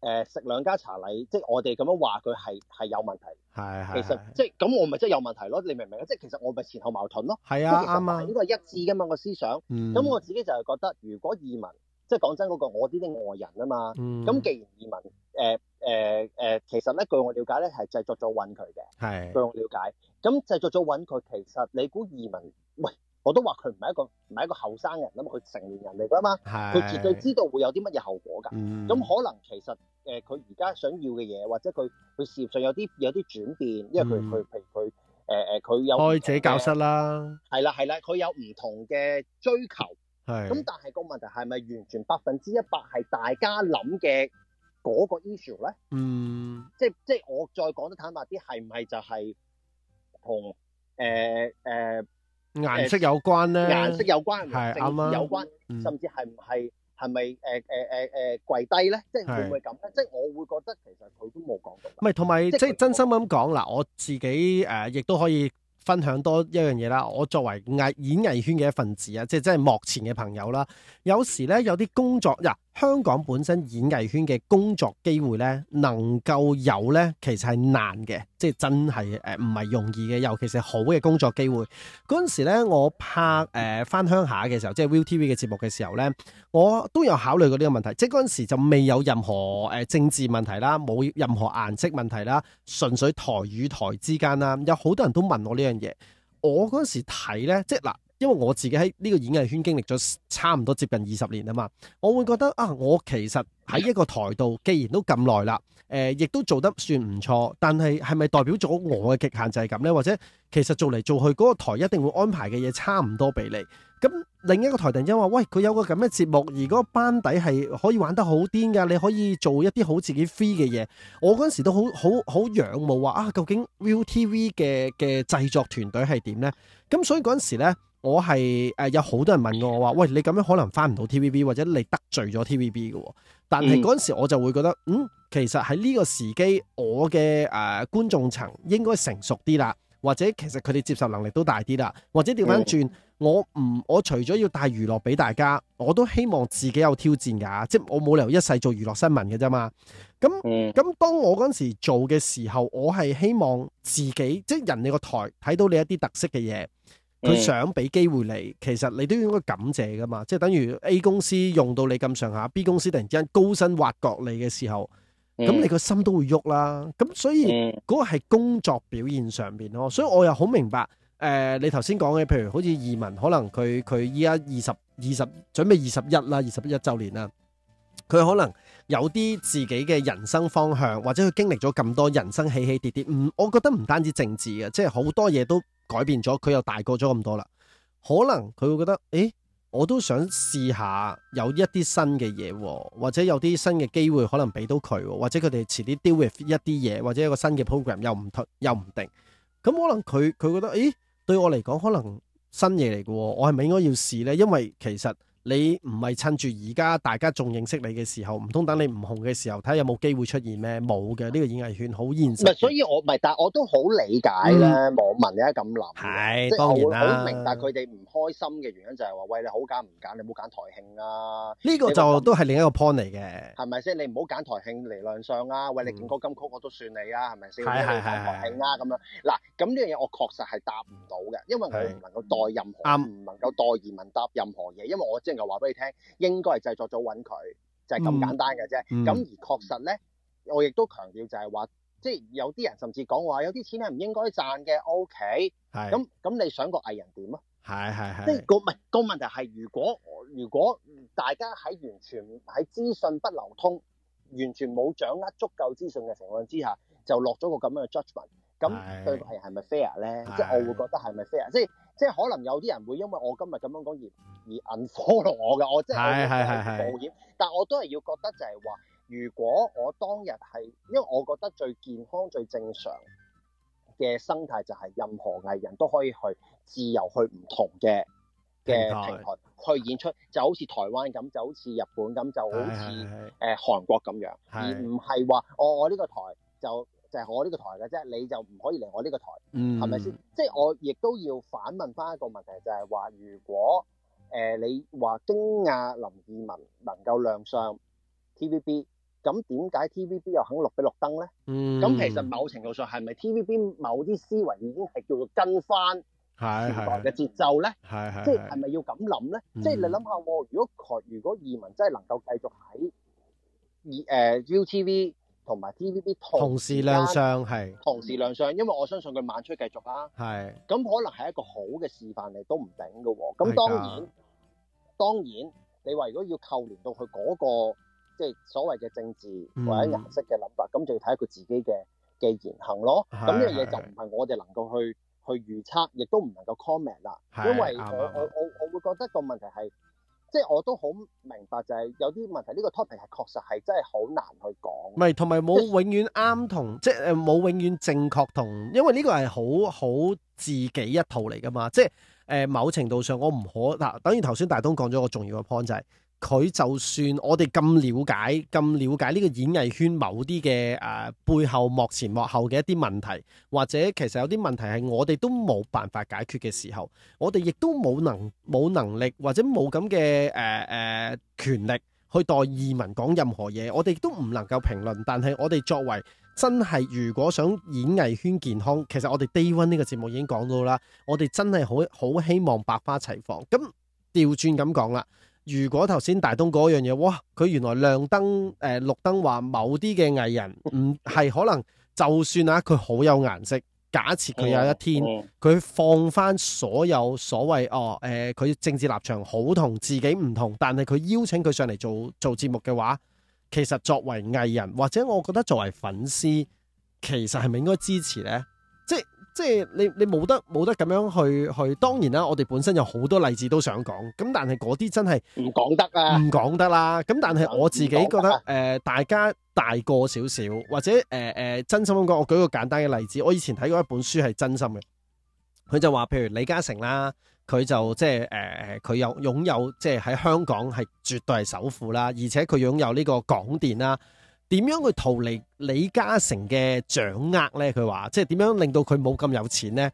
誒食兩家茶禮，即係我哋咁樣話佢係係有問題，係係，其實即係咁，我咪即係有問題咯？你明唔明啊？即係其實我咪前後矛盾咯，係啊，啱啊，應該係一致噶嘛個思想。咁我自己就係覺得，如果二汶，即係講真嗰個，我啲啲外人啊嘛。咁既然二汶，誒誒誒，其實咧據我了解咧係製作咗揾佢嘅，係據我了解。咁製作咗揾佢，其實你估二汶喂？我都話佢唔係一個唔係一個後生人啊嘛，佢成年人嚟㗎嘛，佢絕對知道會有啲乜嘢後果㗎。咁可能其實誒，佢而家想要嘅嘢，或者佢佢事業上有啲有啲轉變，因為佢佢譬如佢誒誒，佢有開者教室啦，係啦，係啦，佢有唔同嘅追求。係咁，但係個問題係咪完全百分之一百係大家諗嘅嗰個 issue 咧？嗯，即即我再講得坦白啲，係唔係就係同誒誒？顏色有關咧，顏色有關係，是有關，對甚至係唔係係咪誒誒誒誒跪低咧？即係會唔會咁咧？是即係我會覺得其實佢都冇講到。唔係，同埋即係真心咁講嗱，我自己誒、呃、亦都可以分享多一樣嘢啦。我作為藝演藝圈嘅一份子啊，即係即係幕前嘅朋友啦，有時咧，有啲工作呀。呃香港本身演藝圈嘅工作機會呢，能夠有呢，其實係難嘅，即係真係誒唔係容易嘅，尤其是好嘅工作機會。嗰陣時呢，我拍誒、呃、翻鄉下嘅時候，即係 ViuTV 嘅節目嘅時候呢，我都有考慮過呢個問題，即係嗰陣時就未有任何誒政治問題啦，冇任何顏色問題啦，純粹台與台之間啦，有好多人都問我呢樣嘢，我嗰陣時睇呢，即係嗱。因為我自己喺呢個演藝圈經歷咗差唔多接近二十年啊嘛，我會覺得啊，我其實喺一個台度，既然都咁耐啦，誒、呃，亦都做得算唔錯，但係係咪代表咗我嘅極限就係咁呢？或者其實做嚟做去嗰個台一定會安排嘅嘢差唔多俾你。咁另一個台突然間話，喂，佢有個咁嘅節目，如果班底係可以玩得好癲噶，你可以做一啲好自己 free 嘅嘢。我嗰陣時都好好仰慕話啊，究竟 ViuTV 嘅嘅製作團隊係點呢？咁所以嗰陣時咧。我係誒、呃、有好多人問過我話，喂，你咁樣可能翻唔到 TVB 或者你得罪咗 TVB 嘅、哦，但係嗰陣時我就會覺得，嗯，其實喺呢個時機，我嘅誒、呃、觀眾層應該成熟啲啦，或者其實佢哋接受能力都大啲啦，或者調翻轉，我唔我除咗要帶娛樂俾大家，我都希望自己有挑戰噶、啊，即係我冇理由一世做娛樂新聞嘅啫嘛。咁咁當我嗰陣時做嘅時候，我係希望自己即係人哋個台睇到你一啲特色嘅嘢。佢想俾機會你，其實你都應該感謝噶嘛，即係等於 A 公司用到你咁上下，B 公司突然之間高薪挖角你嘅時候，咁、嗯、你個心都會喐啦。咁所以嗰、嗯、個係工作表現上面咯，所以我又好明白。誒、呃，你頭先講嘅，譬如好似二汶，可能佢佢依家二十二十準備二十一啦，二十一周年啦，佢可能有啲自己嘅人生方向，或者佢經歷咗咁多人生起起跌跌。唔，我覺得唔單止政治嘅，即係好多嘢都。改變咗，佢又大個咗咁多啦。可能佢會覺得，誒、欸，我都想試下有一啲新嘅嘢，或者有啲新嘅機會可能俾到佢，或者佢哋遲啲 deal with 一啲嘢，或者一個新嘅 program 又唔退又唔定。咁、嗯、可能佢佢覺得，誒、欸，對我嚟講，可能新嘢嚟嘅，我係咪應該要試呢？因為其實。你唔係趁住而家大家仲認識你嘅時候，唔通等你唔紅嘅時候睇下有冇機會出現咩？冇嘅，呢個演藝圈好現實。唔係，所以我唔係，但係我都好理解咧，網民而家咁諗。係當然啦，我好明白，但係佢哋唔開心嘅原因就係話：喂，你好揀唔揀？你唔好揀台慶啊！呢個就都係另一個 point 嚟嘅，係咪先？你唔好揀台慶嚟亮相啊！喂，你勁歌金曲我都算你啊，係咪先？你揀台慶啊，咁樣嗱，咁呢樣嘢我確實係答唔到嘅，因為我唔能夠代任何，唔能夠代二汶答任何嘢，因為我真係。又話俾你聽，應該係製作組揾佢，就係、是、咁簡單嘅啫。咁、嗯嗯、而確實咧，我亦都強調就係話，即、就、係、是、有啲人甚至講話有啲錢咧唔應該賺嘅 OK。咁、OK、咁是你想個藝人點啊？係係係。即係個唔係個問題係，如果如果大家喺完全喺資訊不流通、完全冇掌握足夠資訊嘅情況之下，就落咗個咁樣嘅 judgement，咁對佢係係咪 fair 咧？即係是我會覺得係咪 fair？即係。即係可能有啲人會因為我今日咁樣講而而 unfollow 我嘅，我即係係係冒險，是是是但係我都係要覺得就係話，如果我當日係，因為我覺得最健康、最正常嘅生態就係任何藝人都可以去自由去唔同嘅嘅平，台平台去演出，就好似台灣咁，就好似日本咁，就好似誒、呃、韓國咁樣，是是而唔係話我我呢個台就。就係我呢個台嘅啫，你就唔可以嚟我呢個台，係咪先？即係我亦都要反問翻一個問題，就係話，如果誒你話驚亞林二汶能夠亮相 TVB，咁點解 TVB 又肯錄俾綠燈咧？咁其實某程度上係咪 TVB 某啲思維已經係叫做跟翻時代嘅節奏咧？即係係咪要咁諗咧？即係你諗下喎，如果如果二汶真係能夠繼續喺誒 U TV。同埋 TVB 同時亮相係，同時亮相，因為我相信佢晚出繼續啦。係，咁可能係一個好嘅示範嚟，都唔頂嘅喎。咁當然，當然，你話如果要扣連到佢嗰個，即係所謂嘅政治或者顏色嘅諗法，咁就要睇佢自己嘅嘅言行咯。咁呢樣嘢就唔係我哋能夠去去預測，亦都唔能夠 comment 啦。因為我我我我會覺得個問題係。即係我都好明白，就係有啲問題，呢個 topic 係確實係真係好難去講。唔係，同埋冇永遠啱同，嗯、即係誒冇永遠正確同，因為呢個係好好自己一套嚟噶嘛。即係誒、呃、某程度上我，我唔可嗱，等於頭先大東講咗個重要嘅 point 就係、是。佢就算我哋咁了解、咁了解呢個演藝圈某啲嘅誒背後幕前、幕後嘅一啲問題，或者其實有啲問題係我哋都冇辦法解決嘅時候，我哋亦都冇能、冇能力或者冇咁嘅誒誒權力去代移民講任何嘢，我哋都唔能夠評論，但係我哋作為真係如果想演藝圈健康，其實我哋 Day 1呢個節目已經講到啦，我哋真係好好希望百花齊放。咁調轉咁講啦。如果頭先大東嗰樣嘢，哇！佢原來亮燈誒、呃、綠燈話某啲嘅藝人唔係可能，就算啊佢好有顏色，假設佢有一天佢放翻所有所謂哦誒，佢、呃、政治立場好同自己唔同，但係佢邀請佢上嚟做做節目嘅話，其實作為藝人或者我覺得作為粉絲，其實係咪應該支持呢？即即係你你冇得冇得咁樣去去，當然啦，我哋本身有好多例子都想講，咁但係嗰啲真係唔講得啊，唔講得啦。咁但係我自己覺得誒、呃，大家大個少少，或者誒誒、呃，真心咁講，我舉個簡單嘅例子，我以前睇過一本書係真心嘅，佢就話，譬如李嘉誠啦，佢就即係誒佢有擁有即係喺香港係絕對係首富啦，而且佢擁有呢個港電啦。點樣去逃離李嘉誠嘅掌握咧？佢話即係點樣令到佢冇咁有錢咧？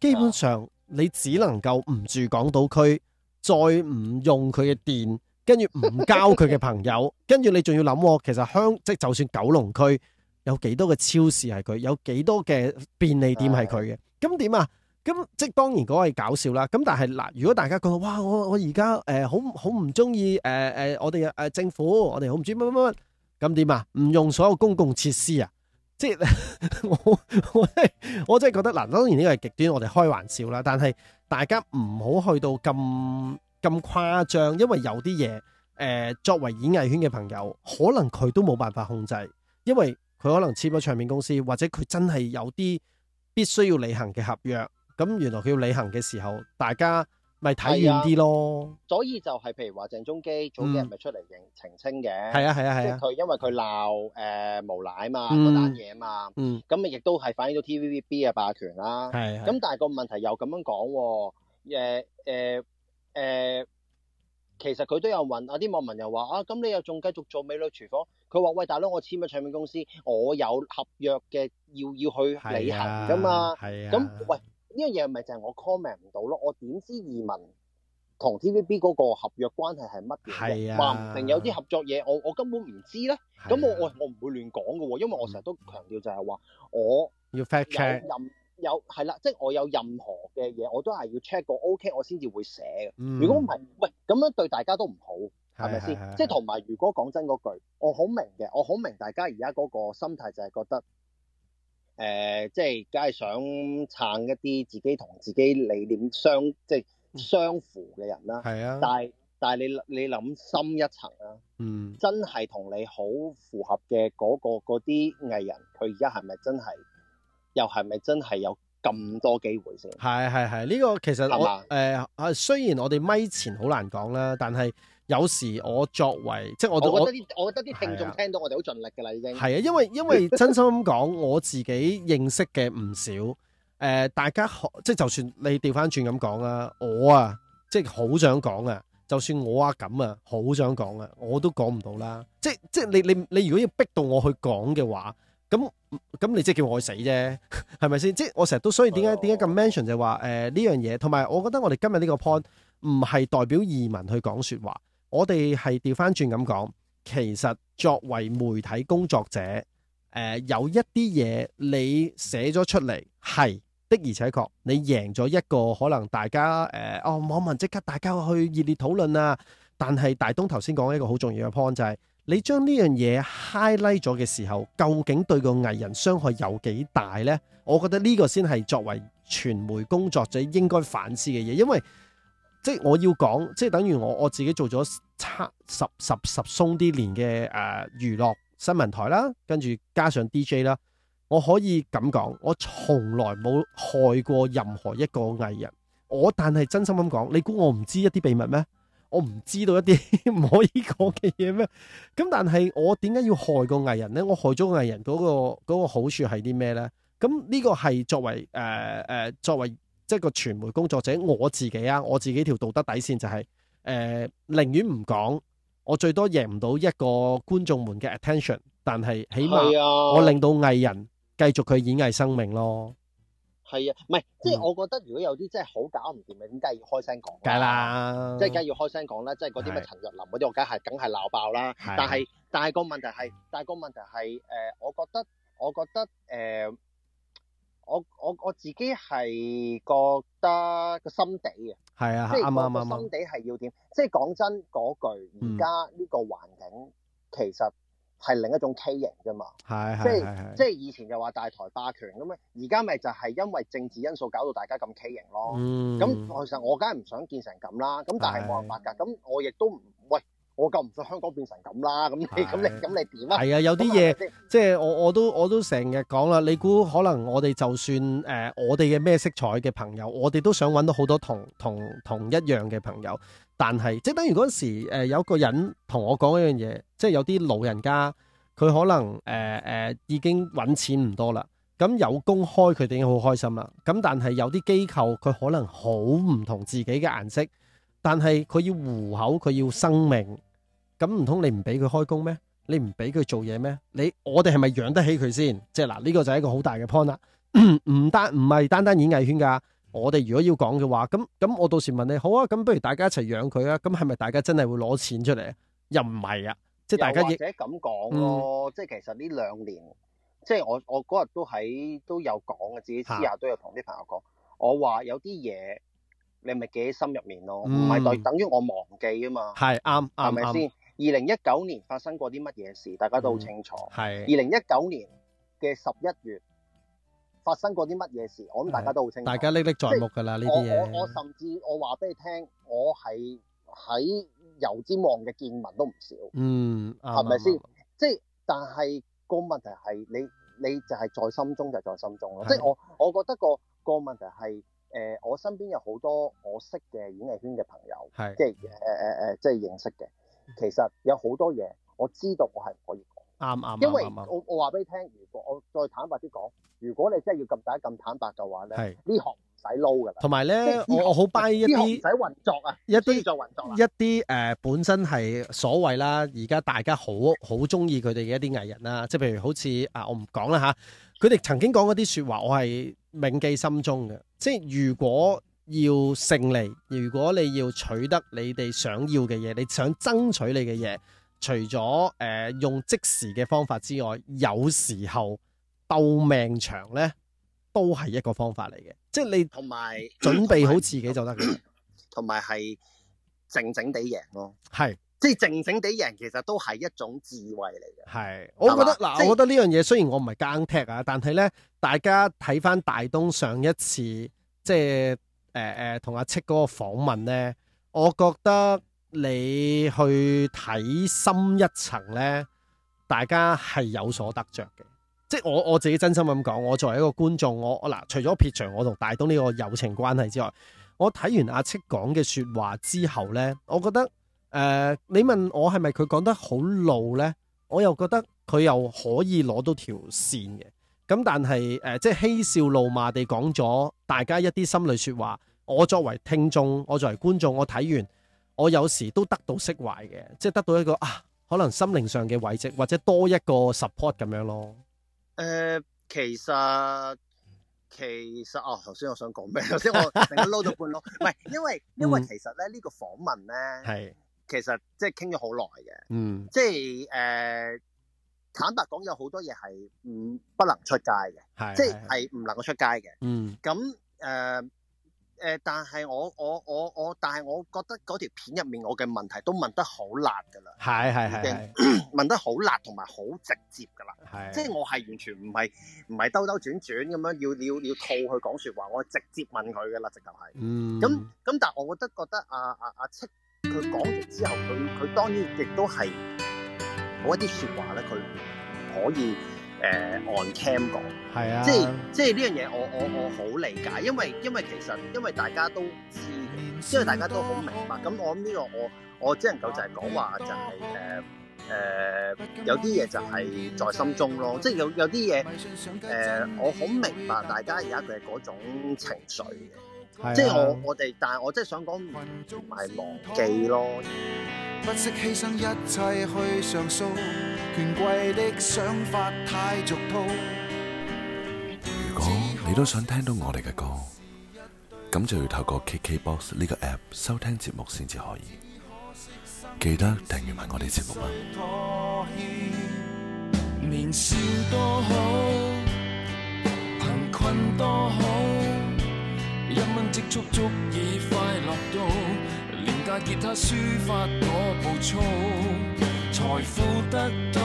基本上你只能夠唔住港島區，再唔用佢嘅電，跟住唔交佢嘅朋友，跟住你仲要諗，其實香即係就算九龍區有幾多嘅超市係佢，有幾多嘅便利店係佢嘅，咁點啊？咁即係當然嗰個係搞笑啦。咁但係嗱，如果大家覺得哇，我我而家誒好好唔中意誒誒，我哋誒政府，我哋好唔中意乜乜乜。咁點啊？唔用所有公共設施啊！即係 我 我真我真係覺得嗱，當然呢個係極端，我哋開玩笑啦。但係大家唔好去到咁咁誇張，因爲有啲嘢誒，作爲演藝圈嘅朋友，可能佢都冇辦法控制，因爲佢可能簽咗唱片公司，或者佢真係有啲必須要履行嘅合約。咁原來佢要履行嘅時候，大家。咪睇遠啲咯、啊，所以就係譬如話鄭中基早幾日咪出嚟認澄清嘅，係啊係啊係啊，佢、啊啊、因為佢鬧誒無賴嘛，嗰單嘢嘛，咁咪亦都係反映到 TVB 嘅霸權啦。係、啊，咁、啊、但係個問題又咁樣講、啊，誒誒誒，其實佢都有問啊啲網民又話啊，咁你又仲繼續做美女廚房？佢話喂大佬，我簽咗唱片公司，我有合約嘅，要要去履行噶嘛。係啊，咁、啊、喂。呢樣嘢咪就係我 comment 唔到咯？我點知二汶同 TVB 嗰個合約關係係乜嘢？話唔定有啲合作嘢，我我根本唔知咧。咁、啊、我我我唔會亂講嘅喎，因為我成日都強調就係話我要 fact check 有任有係啦，即係、啊就是、我有任何嘅嘢，我都係要 check 過 OK，我先至會寫嘅。啊、如果唔係，喂咁樣對大家都唔好，係咪先？即係同埋，啊、如果講真嗰句，我好明嘅，我好明大家而家嗰個心態就係覺得。誒、呃，即係，梗係想撐一啲自己同自己理念相即係相符嘅人啦。係啊、嗯，但係但係你你諗深一層啦，嗯，真係同你好符合嘅嗰、那個嗰啲藝人，佢而家係咪真係，又係咪真係有咁多機會先？係係係，呢、這個其實我誒啊，雖然我哋咪前好難講啦，但係。有時我作為即係我，我覺得啲我覺得啲聽眾、啊、聽到我哋好盡力嘅啦，已經係啊，因為因為 真心講我自己認識嘅唔少，誒、呃、大家即係就算你調翻轉咁講啊，我啊即係好想講啊，就算我啊咁啊好想講啊，我都講唔到啦，即即係你你你如果要逼到我去講嘅話，咁咁你即係叫我去死啫，係咪先？即係我成日都所以點解點解咁 mention 就係話誒呢樣嘢，同埋我覺得我哋今日呢個 point 唔係代表二汶去講説話。我哋係掉返轉咁講，其實作為媒體工作者，誒、呃、有一啲嘢你寫咗出嚟係的而且確，你贏咗一個可能大家誒、呃、哦，網民即刻大家去熱烈討論啊！但係大東頭先講一個好重要嘅 point 就係、是，你將呢樣嘢 highlight 咗嘅時候，究竟對個藝人傷害有幾大呢？我覺得呢個先係作為傳媒工作者應該反思嘅嘢，因為。即係我要講，即係等於我我自己做咗差十十十,十鬆啲年嘅誒、呃、娛樂新聞台啦，跟住加上 DJ 啦，我可以咁講，我從來冇害過任何一個藝人。我但係真心咁講，你估我唔知一啲秘密咩？我唔知道一啲唔可以講嘅嘢咩？咁但係我點解要害個藝人咧？我害咗藝人嗰、嗰個嗰、嗰個好處係啲咩咧？咁呢個係作為誒誒作為。呃呃作為即係個傳媒工作者，我自己啊，我自己條道德底線就係誒，寧願唔講，我最多贏唔到一個觀眾們嘅 attention，但係起碼我令到藝人繼續佢演藝生命咯。係啊，唔係即係我覺得如果有啲真係好搞唔掂嘅，點解要開聲講？梗係啦，即係梗係要開聲講啦，即係嗰啲咩陳若琳嗰啲，我梗係梗係鬧爆啦。但係但係個問題係，但係個問題係誒，我覺得我覺得誒。我我我自己係覺得個心底嘅，係啊，即係個個心底係要點？即係講真嗰、嗯、句，而家呢個環境其實係另一種畸形㗎嘛。係即係即係以前就話大台霸權咁啊，而家咪就係因為政治因素搞到大家咁畸形咯。咁其實我梗係唔想見成咁啦，咁但係冇辦法㗎。咁、啊、我亦都唔。我夠唔信香港變成咁啦，咁你咁的你咁你點啊？係啊，有啲嘢即係我我都我都成日講啦。你估可能我哋就算誒、呃，我哋嘅咩色彩嘅朋友，我哋都想搵到好多同同同一樣嘅朋友。但係即係等於嗰時誒、呃，有個人同我講一樣嘢，即係有啲老人家，佢可能誒誒、呃呃、已經搵錢唔多啦，咁有工開佢哋已經好開心啦。咁但係有啲機構佢可能好唔同自己嘅顏色，但係佢要糊口，佢要生命。咁唔通你唔俾佢開工咩？你唔俾佢做嘢咩？你我哋係咪養得起佢先？即係嗱，呢、這個就係一個好大嘅 point 啦。唔 單唔係單單演藝圈噶，我哋如果要講嘅話，咁咁我到時問你好啊，咁不如大家一齊養佢啊？咁係咪大家真係會攞錢出嚟？又唔係啊？即係大家或者咁講咯，嗯、即係其實呢兩年，即係我我嗰日都喺都有講嘅，自己私下都有同啲朋友講，啊、我話有啲嘢你咪記喺心入面咯、啊，唔係、嗯、等於我忘記啊嘛。係啱啱係咪先？二零一九年發生過啲乜嘢事，大家都好清楚。係二零一九年嘅十一月發生過啲乜嘢事，我諗大家都好清楚。大家歷歷在目噶啦，呢啲嘢。我我甚至我話俾你聽，我係喺油尖旺嘅見聞都唔少嗯吧嗯。嗯，係咪先？即係，但係是個，個問題係你你就係在心中就在心中咯。即係我我覺得個個問題係誒，我身邊有好多我識嘅演藝圈嘅朋友，即係誒誒誒，即係認識嘅。其實有好多嘢我知道，我係唔可以講。啱啱，因為我我話俾你聽，如果我再坦白啲講，如果你真係要咁大咁坦白嘅話咧，係是呢行唔使撈噶。同埋咧，我好 buy 一啲唔使運作啊，一啲運作，一啲誒本身係所謂啦，而家大家好好中意佢哋嘅一啲藝人啦，即係譬如好似啊，我唔講啦吓，佢哋曾經講嗰啲說話，我係銘記心中嘅。即係如果。要勝利，如果你要取得你哋想要嘅嘢，你想爭取你嘅嘢，除咗誒、呃、用即時嘅方法之外，有時候鬥命長呢都係一個方法嚟嘅。即係你同埋準備好自己就得嘅，同埋係靜靜地贏咯，哦。係，即係靜靜地贏其實都係一種智慧嚟嘅。係，我覺得嗱，我覺得呢樣嘢雖然我唔係格硬踢啊，但係呢，大家睇翻大東上一次即係。誒誒，同、呃、阿戚嗰個訪問咧，我覺得你去睇深一層咧，大家係有所得着嘅。即係我我自己真心咁講，我作為一個觀眾，我嗱、呃、除咗撇除我同大東呢個友情關係之外，我睇完阿戚講嘅說話之後咧，我覺得誒、呃，你問我係咪佢講得好露咧，我又覺得佢又可以攞到條線嘅。咁但係誒、呃，即係嬉笑怒罵地講咗大家一啲心裏說話。我作為聽眾，我作為觀眾，我睇完，我有時都得到釋懷嘅，即係得到一個啊，可能心靈上嘅慰藉，或者多一個 support 咁樣咯。誒、呃，其實其實哦，頭先我想講咩？頭先 我突然間撈到半撈，唔係，因為因為其實咧呢、呢個訪問咧係是其實即係傾咗好耐嘅，嗯，即係誒。呃坦白講，有好多嘢係唔不能出街嘅，即係唔能夠出街嘅。嗯，咁誒誒，但係我我我我，但係我覺得嗰條片入面，我嘅問題都問得好辣㗎啦，係係係，問得好辣同埋好直接㗎啦，係，即係我係完全唔係唔係兜兜轉轉咁樣要要要套佢講説話，我直接問佢㗎啦，直頭係。嗯，咁咁，但係我覺得覺得阿阿阿戚佢講完之後，佢佢當然亦都係。嗰一啲説話咧，佢可以誒、呃、on cam 講，係啊，即係即係呢樣嘢，我我我好理解，因為因為其實因為大家都知，嘅，因為大家都好明白，咁我諗呢個我我只能夠就係講話就係誒誒有啲嘢就係在心中咯，即係有有啲嘢誒，我好明白大家而家嘅嗰種情緒嘅，啊、即係我我哋，但係我真係想講唔係忘記咯。不惜犧牲一切去上訴權貴的想法太俗套。如果你都想聽到我哋嘅歌，咁就要透過 KKBOX 呢個 App 收聽節目先至可以。記得訂閱埋我哋節目啦。 彈吉他，抒發我暴躁，財富得到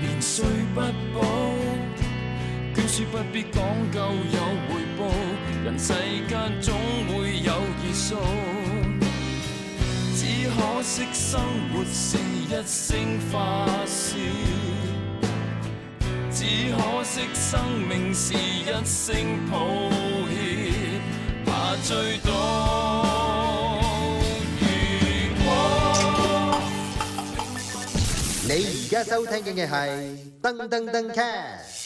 年歲不保，捐書不必講究有回報，人世間總會有結數。只可惜生活是一聲發洩，只可惜生命是一聲抱歉，怕最多。而家收聽嘅係噔噔噔 cat